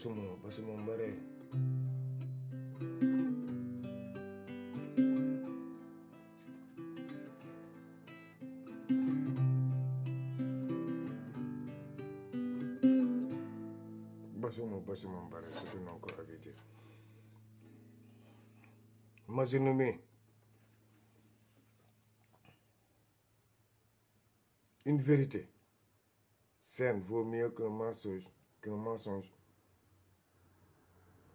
Basumon, Basumon Bare. Basumon, Basumon Bare, c'est un encore habité. Mazinoumi. Une vérité saine vaut mieux qu'un mensonge, qu'un mensonge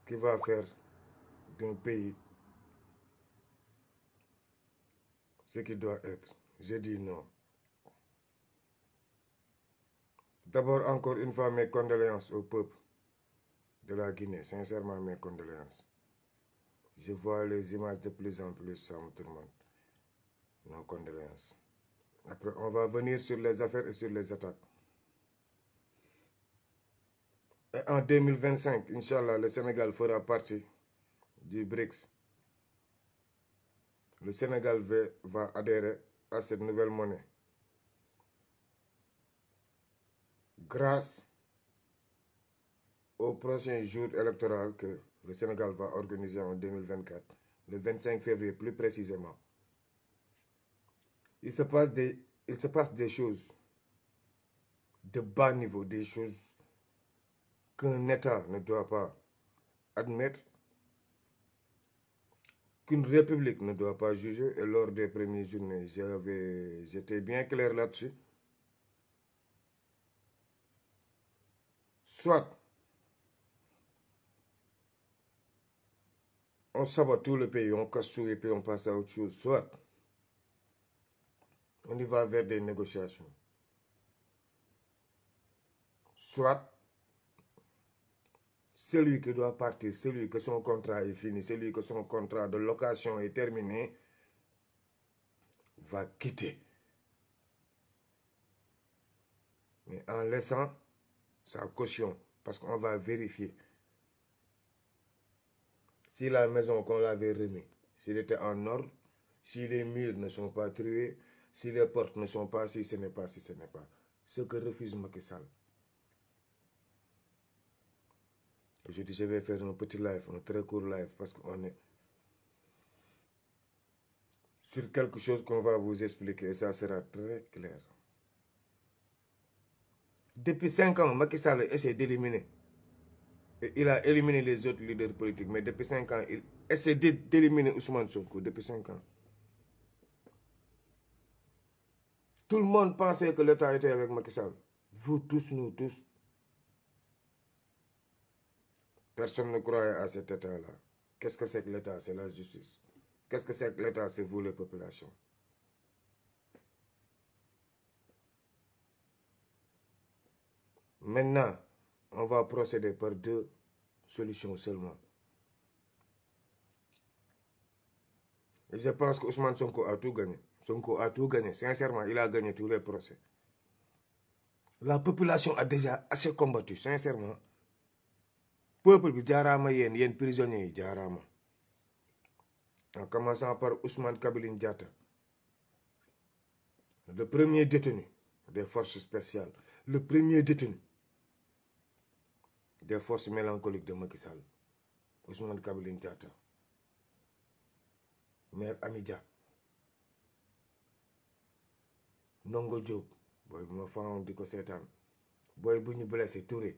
qui va faire d'un pays ce qui doit être. J'ai dit non. D'abord, encore une fois, mes condoléances au peuple de la Guinée. Sincèrement, mes condoléances. Je vois les images de plus en plus, ça me monde. Nos condoléances. Après, on va venir sur les affaires et sur les attaques. en 2025, Inch'Allah, le Sénégal fera partie du BRICS. Le Sénégal va adhérer à cette nouvelle monnaie. Grâce au prochain jour électoral que le Sénégal va organiser en 2024, le 25 février plus précisément, il se passe des, il se passe des choses de bas niveau, des choses qu'un État ne doit pas admettre, qu'une République ne doit pas juger. Et lors des premiers journées, j'étais bien clair là-dessus. Soit on sabote tout le pays, on casse tout et puis on passe à autre chose. Soit on y va vers des négociations. Soit celui qui doit partir, celui que son contrat est fini, celui que son contrat de location est terminé, va quitter. Mais en laissant sa caution, parce qu'on va vérifier. Si la maison qu'on l'avait remis, s'il était en ordre, si les murs ne sont pas trués, si les portes ne sont pas, si ce n'est pas, si ce n'est pas. Ce que refuse Macky je vais faire un petit live, un très court live, parce qu'on est sur quelque chose qu'on va vous expliquer et ça sera très clair. Depuis 5 ans, Macky Sall essaie d'éliminer. Il a éliminé les autres leaders politiques, mais depuis 5 ans, il essaie d'éliminer Ousmane Sonko, depuis 5 ans. Tout le monde pensait que l'État était avec Macky Sall. Vous tous, nous tous. Personne ne croyait à cet État-là. Qu'est-ce que c'est que l'État C'est la justice. Qu'est-ce que c'est que l'État C'est vous, les populations. Maintenant, on va procéder par deux solutions seulement. Et je pense qu'Ousmane Sonko a tout gagné. Sonko a tout gagné. Sincèrement, il a gagné tous les procès. La population a déjà assez combattu, sincèrement. peuple bi jaaraama yéen yéen prisonniers yi jaaraama en commençant par Ousmane Kabiline Diatta premier détenu des forces spéciales le premier détenu des forces mélancoliques de Macky Sall Ousmane Kabiline Diatta maire Amidia Ndongo Diop booy bu ma faroon di ko seetaan booy bu ñu blessé Touré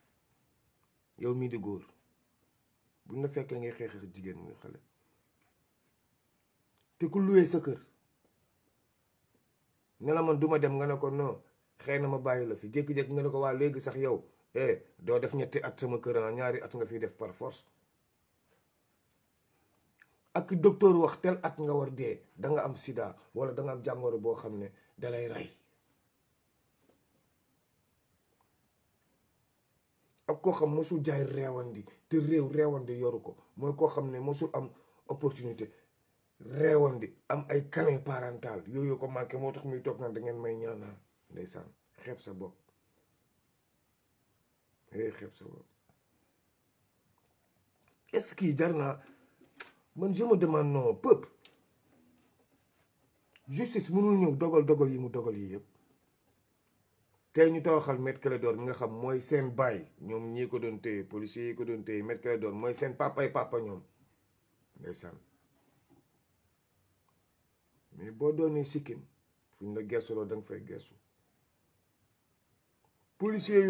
yow mii di góor bu la fekkee ngay xeex jigéen nga xale te ku luwee sa kër ne la man duma dem nga ne ko non xëy na ma bàyyi la fi jékki-jékki nga ne ko waa léegi sax yow eh doo def ñetti at sama kër ah, ñaari at nga fiy def par force ak docteur wax tel at nga war dee da nga am sida wala da am jàngoro boo xam ne dalay rey ak koo xam mosul jaay reewandi te réew reewandi yoru ko mooy koo xam ne mosul am opportunité reewandi am ay canin parental yooyu ko manqué moo tax muy toog nag da ngeen may ñaanal ndeysaan xeeb sa bopp hey eh, xeeb sa bopp est-ce que jar naa man je me demande non peuple justice mënul ñëw dogal dogal yi mu dogal yi yëpp tey ñu toroxal met nga xam moy seen ko policiers yi ko papa mais si fu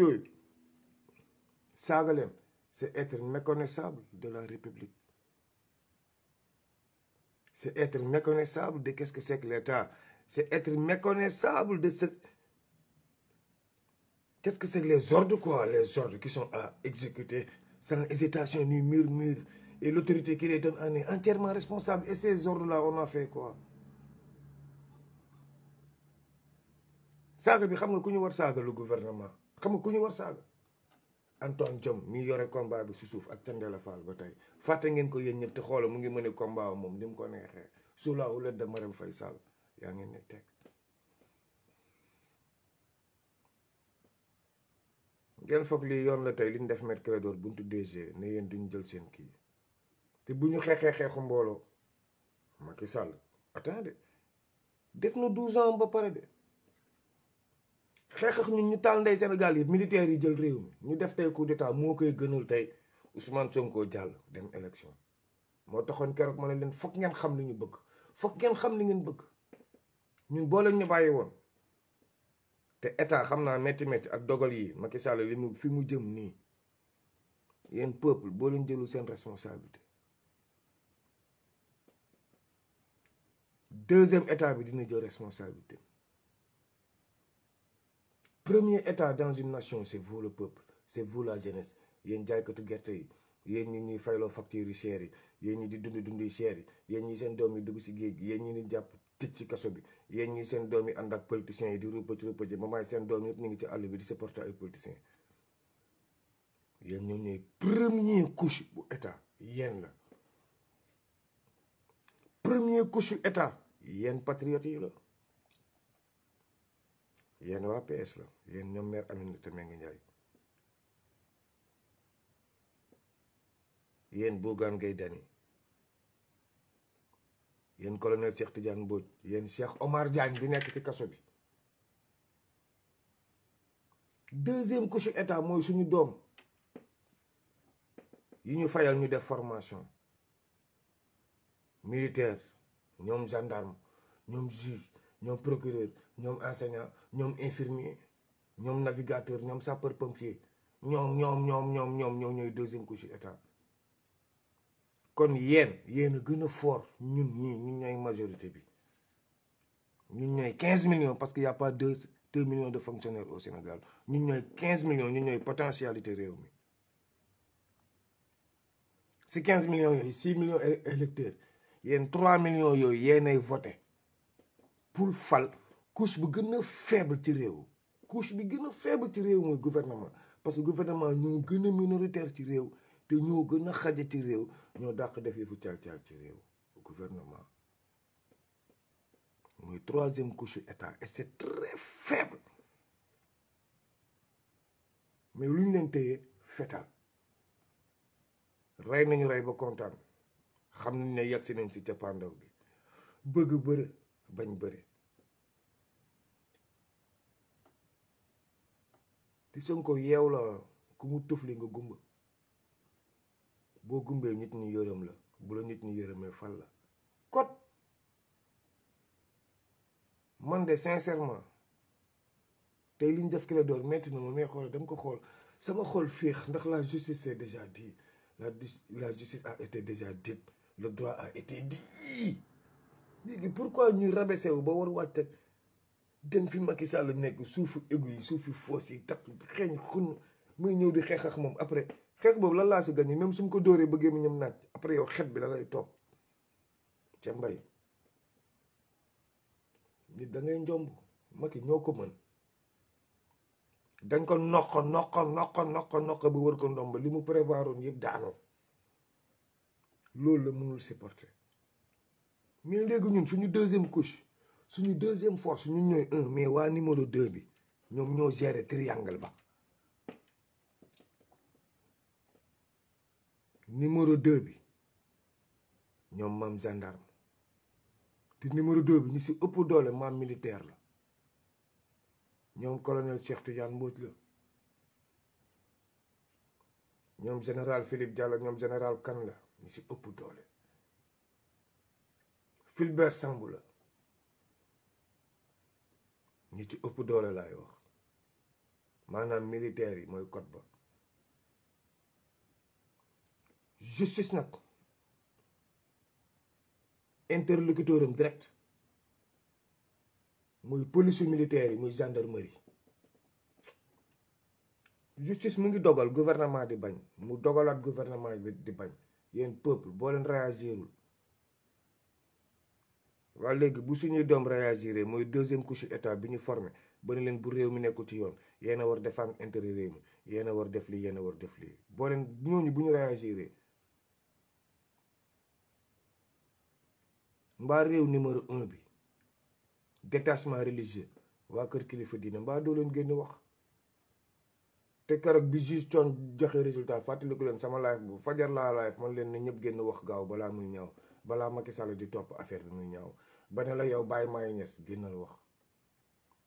ñu policiers c'est être méconnaissable de la République c'est être méconnaissable de qu'est-ce que c'est que l'État c'est être méconnaissable de cette Qu'est-ce que c'est les ordres, quoi Les ordres qui sont à exécuter sans hésitation ni murmure. Et l'autorité qui les donne en est entièrement responsable. Et ces ordres-là, on a fait quoi Ça, bi xam nga ku war le gouvernement xam nga vu ça. Antoine Djom, mi yore combat bi Soussouf suuf ak Thiendella Fall ba tay faté ngeen ko yéen ñëpp te xoola mu combat moom ni ko nexé sous la de Marème Faye ya ngeen ne ngeen foog lii yoon la tey li ñu def Me Clédor buntu DG ne yéen duñu jël seen kii te bu ñu xeexee xeexu mbooloo Macky Sall attendez def na douze ans ba pare de xeex ak ñu taal ndey Sénégal yi militaires yi jël réew mi ñu def tey coup d'état moo koy gënul tey Ousmane Sonko jàll dem élection moo taxoon keroog ma ne leen foog ngeen xam li ñu bëgg foog ngeen xam li ngeen bëgg ñun boo ñu bàyyi woon. te état xamna metti metti ak dogal yi Macky Sall li mu fi mu jëm a un peuple bo leen jëlul sen responsabilité deuxième état bi dina jël responsabilité premier état dans une nation c'est vous le peuple c'est vous la jeunesse yéen jaaykatu tu yi yéen ñi ñuy fayloo factures yu cher yi yéen ñi di dund dund yu cher yi yéen ñi seen doom yi dugg si géej gi yéen ñi di jàpp tëj ci kaso bi yéen ñi seen doom yi ànd ak politiciens yi di rëpëj rëpëj mamaay seen doom yëpp ñu ngi ci àll bi di supporter ay politiciens yéen ñoo ñooy premier couche bu état yéen la premier couche yu état yéen patriotes yi la yéen waa PS la yéen ñoom maire Aminata Mbengue Ndiaye yéen Bougane Gueye Dany yéen colonel Cheikh Tidiane Mbodj yéen Cheikh Omar Diagne bi nekk ci kaso bi deuxième couche état mooy suñu doom yi ñu fayal ñu def formation militaire ñoom gendarme ñoom juge ñoom procureur ñoom enseignant ñoom infirmier ñoom navigateur ñoom sapeur pompier ñoom ñoom ñoom ñoom ñoom ñoom ñooy deuxième couche état Comme yen, yen fort, nous nous nous une majorité bi. Nous a 15 millions parce qu'il n'y a pas 2, millions de fonctionnaires au Sénégal. Nous a 15 millions, nous potentialités. potentialité réelle. Si 15 millions, 6 millions électeurs, il y a 3 millions qui ont voté pour faire couche a une faible tirée. La couche faible tirée au gouvernement. Parce que le gouvernement est une minoritaire te ñoo gën a xajati réew ñoo dàq def yëfu caag-caag ci réew gouvernement mooy troisième couche état et c'est très faible mais lu ñu leen téye fetal rey nañu rey ba kontaan xam nañ ne yegg si nañ ci cappaandaw gi bëgg bëre bañ bëre ti Sonko yeew la ku mu tufli nga gumba bo gumbee nit ni yërëm la bu la nit ñi yërëmee fal la kot man de sincèrement tey li ñu def Clédor metti na ma mais xol dama ko xol sama xol féex ndax la justice est déjà dit la la justice a été déjà dite le droit a été dit léegi pourquoi ñu rabaissé wu ba war wacc ak dem fi Macky Sall nekk suufu égu yi suufu foos yi xun muy ñëw di xeex ak mom après xeex boobu lan laa si gagné même su ma ko dóoree bëggee mu ñëm naaj après yow xet bi la lay toog ca mbay nit da ngay njomb maki ñoo ko mën dañ ko noq noq noq noq noq bi wër ko ndomb li mu prévoir on yëpp daanoo loolu la mënul supporter mais léegi ñun suñu deuxième couche suñu deuxième force ñu ñooy un mais waa numéro deux bi ñoom ñoo gérer triangle ba numéro 2 bi ñoom maam gendarme te numéro 2 bi ñu si ëpp doole maam militaire la ñoom colonel Cheikh Tidiane Mbodj la ñoom général Philippe Diallo ñoom général Kan la ñu si ëpp doole Fulbert Sambou la ñi ci ëpp doole laay wax maanaam militaire yi mooy code ba justice nag interlocuteur am direct muy police militaire yi muy gendarmerie justice mu ngi dogal gouvernement di bañ mu dogalaat gouvernement bi di bañ yéen peuple boo leen réagirul waa léegi bu suñuy doom réagiré mooy deuxième couche état bi ñu formé ba ne leen bu réew mi nekkul ci yoon yéen a war défendre intérêt réew mi yéen war def lii yéen a war def lii boo leen ñooñu bu ñu réagiré mba rew numéro 1 bi détachement religieux wa keur kilifa dina mba do len genn wax te keroog bi juste ton joxé résultat ko len sama live bu fajar la live man len ne ñëpp génn wax gaaw bala muy ñaw bala Macky Sall di top affaire bi muy ñaw bané la yow bàyyi maay ñes génnal wax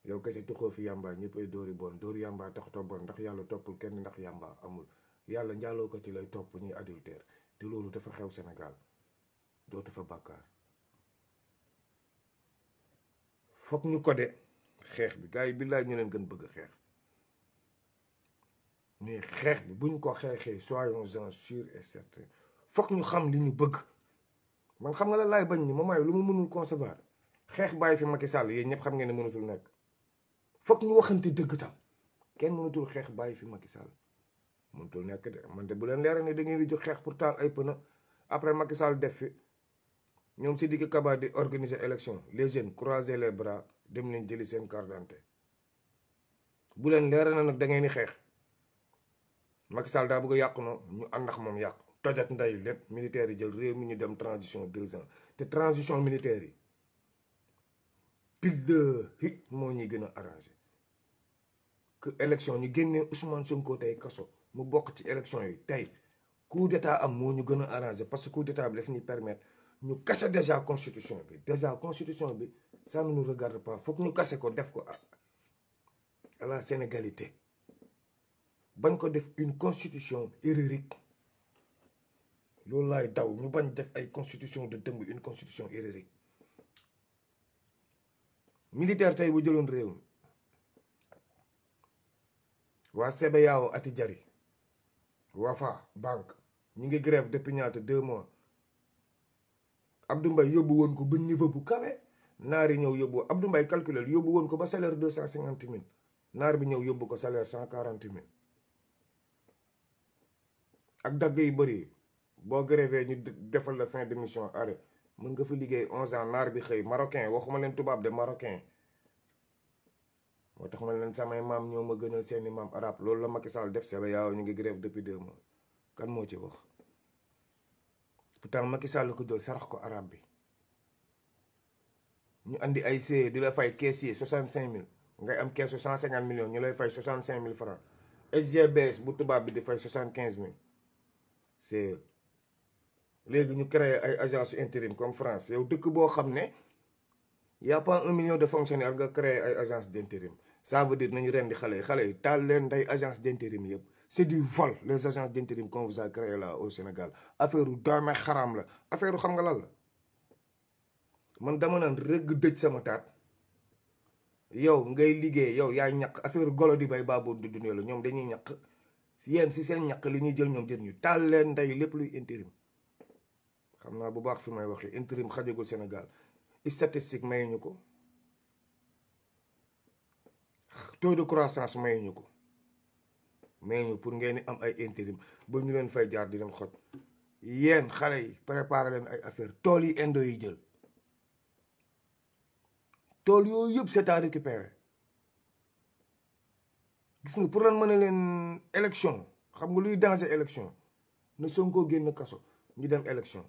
yow kese tuxoo fi yamba ñëpp ay dóori bon yamba tax to bon ndax yalla topul kenn ndax yamba amul yalla ndialo ko ci lay top ñi adultère té lolu dafa xew Sénégal dootu fa bakkar foog ñu ko de xeex bi gars yi billaay ñu leen gën bëgg xeex mais xeex bi buñ ko xeexee soyons-en sûrs et foog ñu xam li ñu bëgg man xam nga la laay bañ ni moment yi lu mu mënul concevoir xeex bàyyi fi Macky Sall yéen ñëpp xam ngeen ne mënatul nekk foog ñu waxante dëgg tam kenn mënatul xeex bàyyi fi Macky Sall mënatul nekk de man de bu leen leeral ne da ngeen di jox xeex pour taal ay pëna après Macky def fi ñoom Sidiki Kaba di organiser élection les jeunes croiser les bras dem leen jëli seen carte bu leen leera na nag da ngeen di xeex Macky Sall daa bëgg a yàqu noo ñu ànd ak moom yàqu tojat nday lépp militaires yi jël réew mi ñu dem transition deux ans te transition militaire yi pile de hi moo ñuy gën a arrangé que élection ñu génnee Ousmane Sonko tey kaso mu bokk ci élection yi tey coup d'état am moo ñu gën a arrangé parce que coup d'état bi daf ñuy permettre Nous cassons déjà la constitution Déjà la constitution ça ne nous regarde pas faut que nous cassions def ko ah. à la sénégalité Nous ko def une constitution hérérique nous et daw constitution de une constitution hérérique militaire vous ati jari Wafa banque ngi grève depuis deux mois Abdou Mbaye yóbbu woon ko ba niveau bu kawe naar yi ñëw yóbbu Abdou Mbaye calculel yóbbu woon ko ba salaire deux cent cinquante mille naar bi ñëw yóbbu ko salaire cent quarante mille ak dagg yu bëri boo grévé ñu defal la fin de mission arrêt mën nga fi liggéey onze ans naar bi xëy marocain waxuma leen tubaab de marocain moo tax ma leen samay maam ñoo ma gënal seeni maam arab loolu la Macky Sall def seba yaaw ñu ngi grève depuis deux mois kan moo ci wax pourtant Macky Sall ko jël sarax ko arabe bi ñu andi ay CE di la fay cinq mille ngay am caisse 150 millions ñu lay fay 65000 francs SGBS bu tubaab bi di fay 75000 CE. léegi ñu créer ay agence intérim comme France yow dëkk boo xam ne y' a pas un million de fonctionnaires nga créé ay agence d' intérim ça veut nañu ren di xale yi xale yi taal leen day agence d' intérim yëpp. c'est du vol les agents d'intérim qu'on vous a créé au Sénégal affaire u doome xaraam la affaire u xam nga lan la man dama naan rëgg dëj sama taat yow ngay liggéey yow yaay ñaq affaire golo di bay baaboon di dundee la ñoom dañuy ñaq si yéen si seen ñaq li ñuy jël ñoom jël ñu taal leen ndey lépp luy intérim xam naa bu baax fi may waxee intérim xajagul Sénégal statistique mayuñu ko taux de croissance mayuñu ko mais ñu pour ngeen am ay intérim ba ñu leen fay jaar di leen xoj yéen xale yi préparé leen ay affaire tool yi indo yi jël tool yooyu yëpp c'est à récupérer gis nga pour lan mën a leen élection xam nga luy danger élection na Sonko génn kaso ñu dem élection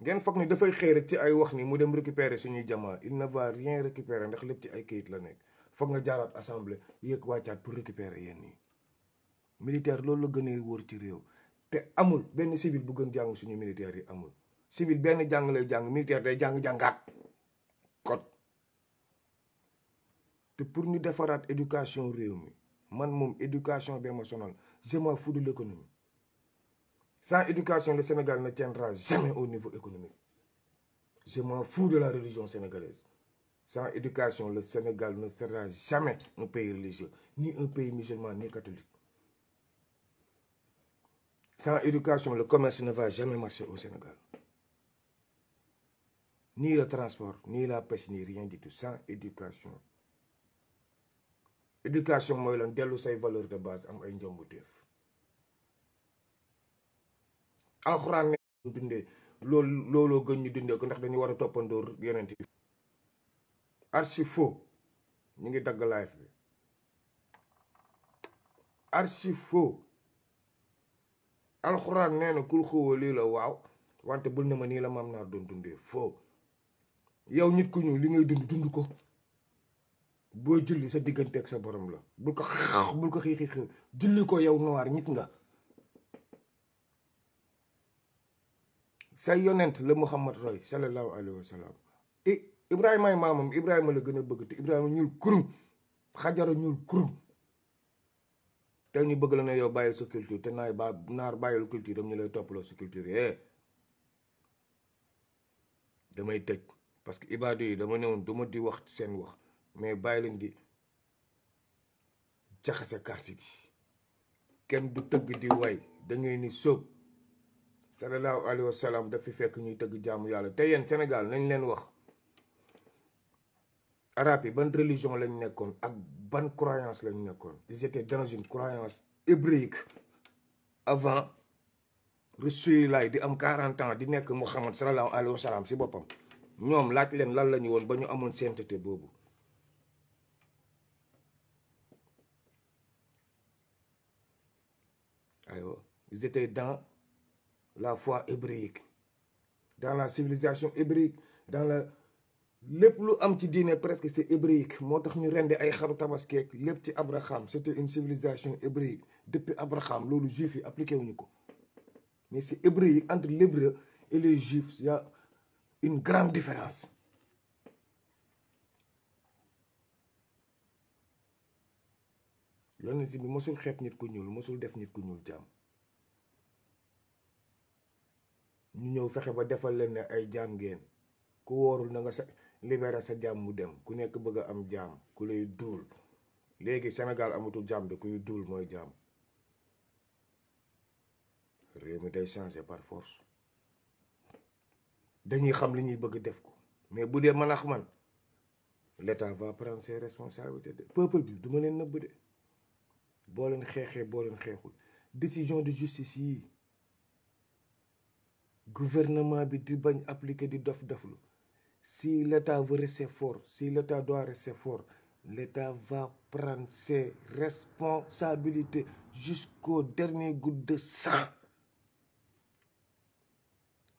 ngeen foog ni dafay xëy rek ci ay wax ni mu dem récupérer suñuy jamaa il ne va rien récupérer ndax lépp ci ay kayit la nekk foog nga jaaraat assemblée yéeg wàccaat pour récupérer yéen ñi militaire lolou la gën a ci réew té amul bénn civil bu gën jang suñu militaire yi amul civil bénn jang lay jang militaire day jang jangat kon té pour ñu defaraat éducation réew mi man moom éducation bi ma sonal je m'en fous de l'économie sans éducation le Sénégal ne tiendra jamais au niveau économique je m'en fous de la religion sénégalaise sans éducation le Sénégal ne sera jamais un pays religieux ni un pays musulman ni catholique sans éducation, le commerce ne va jamais marcher au Sénégal. Ni le transport, ni la pêche, ni rien du tout. Sans éducation. Éducation, moi, l'on déloue ses valeurs de base. Am ay njombuteef. alxuraan ne dundee loolu looloo gën ñu dundee ko ndax dañu war a toppandoor yeneen yi archi faux ñu ngi dagg live bi archi faux alxuraan nee na kul xówoo lii la waaw wante bul ne ma nii la maam naar doon dundee foo yow nit ku ñëw li ngay dund dund ko boo julli sa digganteeg sa borom la bul ko xaax bul ko xiixi xiw julli ko yow noir nit nga say yonent la muhammad roy sallallahu alayhi wa sallam maamam ibrahima la gën a bëgg te ibrahima ñuul kurum xajara ñuul kurum tey ñu bëgg la ne yow bàyyi sa culture te naay ba naar bàyyil culture am ñu lay toppaloo sa culture eh damay tëj parce que ibaadu yi dama newoon du ma di wax seen wax mais bàyyi leen di jaxase carte gi kenn du tëgg di way da ngay ni sóob sallallahu alayhi wa sallam fi fekk ñuy tëgg jaamu yàlla te yéen Sénégal nañ leen wax arab bonne religion lañ nekkoon ak ban croyance lañ nekkoon ils étaient dans une croyance hébraïque avant Rasulullah di am 40 ans di nekk Mohammed. sallallahu alayhi wa sallam si bopam ñom laaj leen lan lañ won bañu sainteté ils étaient dans la foi hébraïque dans la civilisation hébraïque dans la lépp lu am ci diine presque c'est hébraïque moo tax ñu rende ay xaru tabaskeek lépp ci Abraham c'était une civilisation hébraïque depuis Abraham loolu juif yi appliqué wuñu ko mais c'est hébraïque entre l'hébreu et les juifs une grande différence yonent bi mosul xeeb nit ku ñuul mosul def nit ku ñuul jaam ñu ñëw fexe ba defal leen ne ay jaam ngeen ku woorul na nga sa libéré sa jàmm mu dem ku nekk bëgg a am jàmm ku lay duul léegi Sénégal amatul jàmm de kuy duul mooy jàmm réew mi day changé par force dañuy xam li ñuy bëgg def ko mais bu dee mën a man l'état va prendre ses responsabilités de peuple bi du ma leen nëbb de boo leen xeexee boo leen xeexul décision de justice yi gouvernement bi di bañ appliquer di dof doflu Si l'État veut rester fort, si l'État doit rester fort, l'État va prendre ses responsabilités jusqu'au dernier goutte de sang.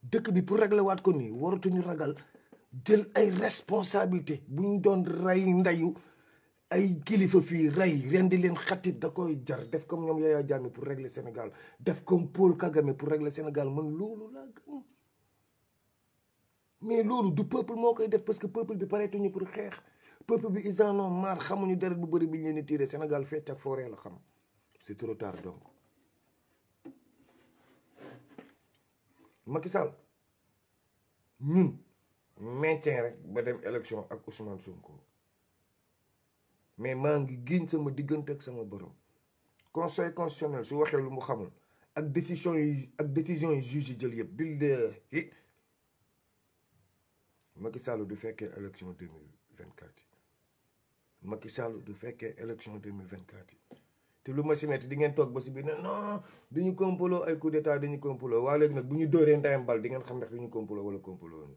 dëkk bi pour régler waat ko nii waratuñu ragal jël ay responsabilité bu ñu doon rey ndeyu ay kilifa fii rey rendi l'en da koy jar def comme Yaya Jammeh pour régler Sénégal def comme Paul Kagame pour régler Sénégal man loolu laa mais lolu du peuple mokay parce que peuple bi pour Le peuple bi ils en ont marre xamuñu deret bu beuri leen Sénégal ak forêt c'est trop tard donc ñun maintien rek ba élection ak Ousmane Sonko mais giñ sama ak sama borom conseil constitutionnel su lu mu ak décision décision juge Macky Sall du fekkee élection deux mille vingt quatre yi Macky du fekkee élection du mille vingt quatre yi te lu ma si metti di ngeen toog ba si biir ne non du ñu complot ay coup d'état dañu complot waa léegi nag bu ñu dóoree ndayam di ngeen xam ndax du ñu complot wala complot ñu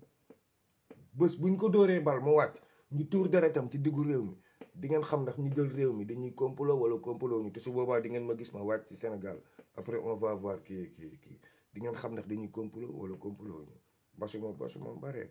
bés bu ñu ko dóoree bal mu wàcc ñu tuur deretam ci diggu réew mi dingeen xam ndax ñu jël réew mi dañuy complot wala complot ñu te su boobaa di ngeen ma gis ma wàcc ci Sénégal après on va voir ki kii kii di ngeen xam ndax dañuy complot wala complot ñu basuma basuma baree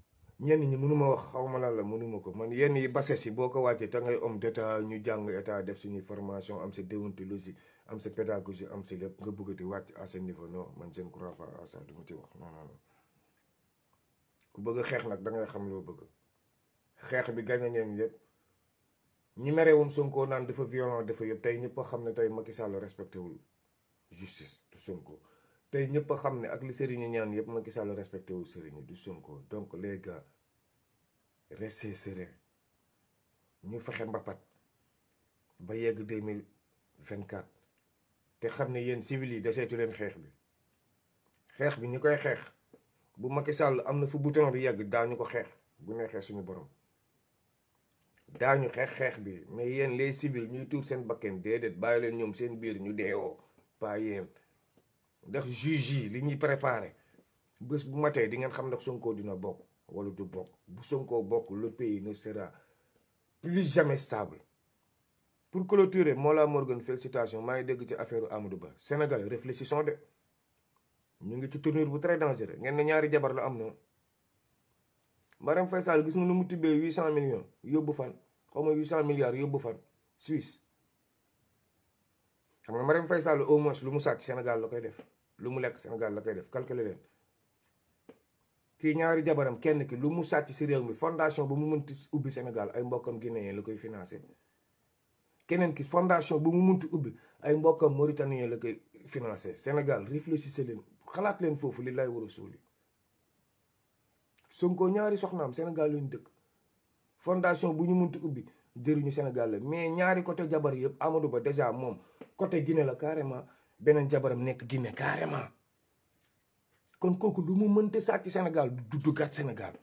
ñen ñi mënuma wax xawma lan la mënuma ko man yenn yi base ci boko wacce ta te ngay homme d'état ñu jang état def suñu formation am ci déontologie am ci pédagogie am ci lepp nga bëggati wacc à ce niveau non man je ne crois pas à ça du ma ci wax non non ku bëgg xex nak da ngay xam lo bëgg xex bi gañ ngeen yëpp ñi méré wum Sonko nan dafa violent dafa yëpp tay ñepp a tay Macky Sall respecté wul justice du Sonko tay ñepp a ak li sëriñu ñaan yëpp Macky Sall respecté wu sëriñu du Sonko donc les gars restez serein ñu fexe mbapat ba yegg de mil vingt quatre te xam ne yéen civil yi deseetu leen xeex bi xeex bi ñu koy xeex bu Macky sàll am na fu bouton bi yegg daañu ko xeex bu neexee suñu borom daañu xeex xeex bi mais yéen les civils ñuy tuur seen bakken déedéet bàyyi leen ñoom seen biir ñu deewoo pas yéen ndax juge yi li ñuy préparé bés bu matee di ngeen xam nag Sonko dina bokk. wala du bok bu Sonko bok le pays ne sera plus jamais stable pour clôturer mola morgan félicitations may deug ci affaire Amadou Ba Sénégal réfléchissons de ñu ngi ci tourneur bu très dangereux ngén na ñaari jabar la am maram faisal gis nga nu mu tibbee huit millions yobou fan xaw ma huit milliards yobou fan Suisse xam nga maram faisal au moins lu mu sat Sénégal la koy def lu mu lek Sénégal la koy def calculer leen kii ñaari jabaram kenn ki lu mu sàcc si réew mi fondation bi mu mënti ubbi Sénégal ay mbokkam la koy financé keneen ki fondation bu mu mënti ubbi ay mbokkam mauritanien la koy financé Sénégal réfléchissez leen xalaat leen foofu li lay war a suuli Sonko ñaari soxnaam Sénégal lañu dëkk fondation bu ñu mënti ubbi jëriñu Sénégal la mais ñaari côté jabar yëpp Amadou Ba déjà moom côté Guinée la carrément beneen jabaram nekk Guinée carrément kon kooku lu mu mënte sàcc Sénégal du duggaat Sénégal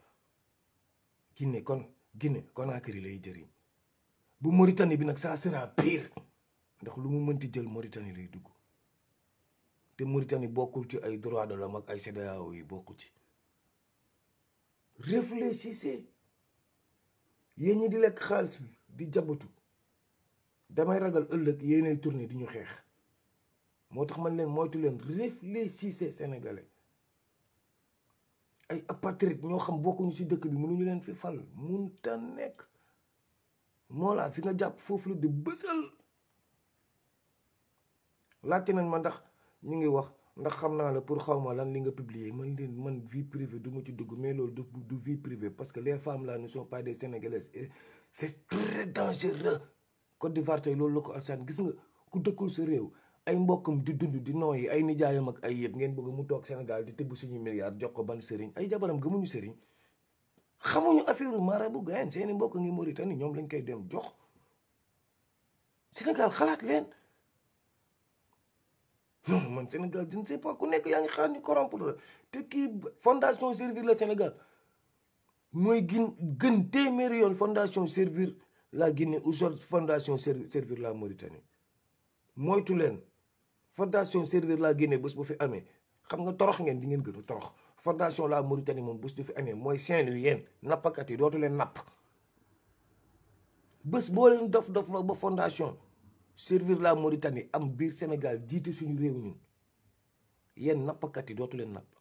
gine kon Guinée Conakry lay jëriñ bu Mauritanie bi nag ça sera pire ndax lu mu mënti jël moritani lay dugg te moritani bokkul ci ay droit de l'homme ak ay CEDEAO yi bokku ci réfléchissez yéen ñi di lekk xaalis bi di jabatu damay ragal ëllëg yéenay tourné di ñu xeex moo tax man leen moytu leen réfléchissez sénégalais ay apatrides ñoo xam bokkuñu ci dëkk bi mënuñu leen fi fal mun la nañ ma ndax ñu la pour xaw lan li nga publier man man vie privée du ci dugg mais du vie privée parce que les femmes là ne sont pas des sénégalaises et c'est très dangereux Côte d'Ivoire tey loolu ko gis nga ku ay mbokkam di dund di nooyi ay nijaayam ak ay yëpp ngeen bëgg mu toog Sénégal di tëbb suñu milliard jox ko ban sëriñ ay jabaram gëmuñu sëriñ xamuñu affaire marabu gayen seeni mbokk ngi Mauritanie ñoom lañ koy dem jox Sénégal xalaat leen non man Sénégal je ne ku nekk yaa ngi xaar ñu corrompre la te kii fondation servir le Sénégal mooy gin gën téeméeri yoon fondation servir la Guinée ou fondation servir la Mauritanie moytu leen fondation Sérère laa Guinée bés bu fi amee xam nga torox ngeen di ngeen gën a torox fondation la moritani moom bés du fi amee mooy Saint-Louis yéen nappakat yi dootu leen napp bés boo leen dof dof la ba fondation servir la Mauritanie am biir Sénégal jiite suñu réew ñun yéen nappkat yi dootu leen napp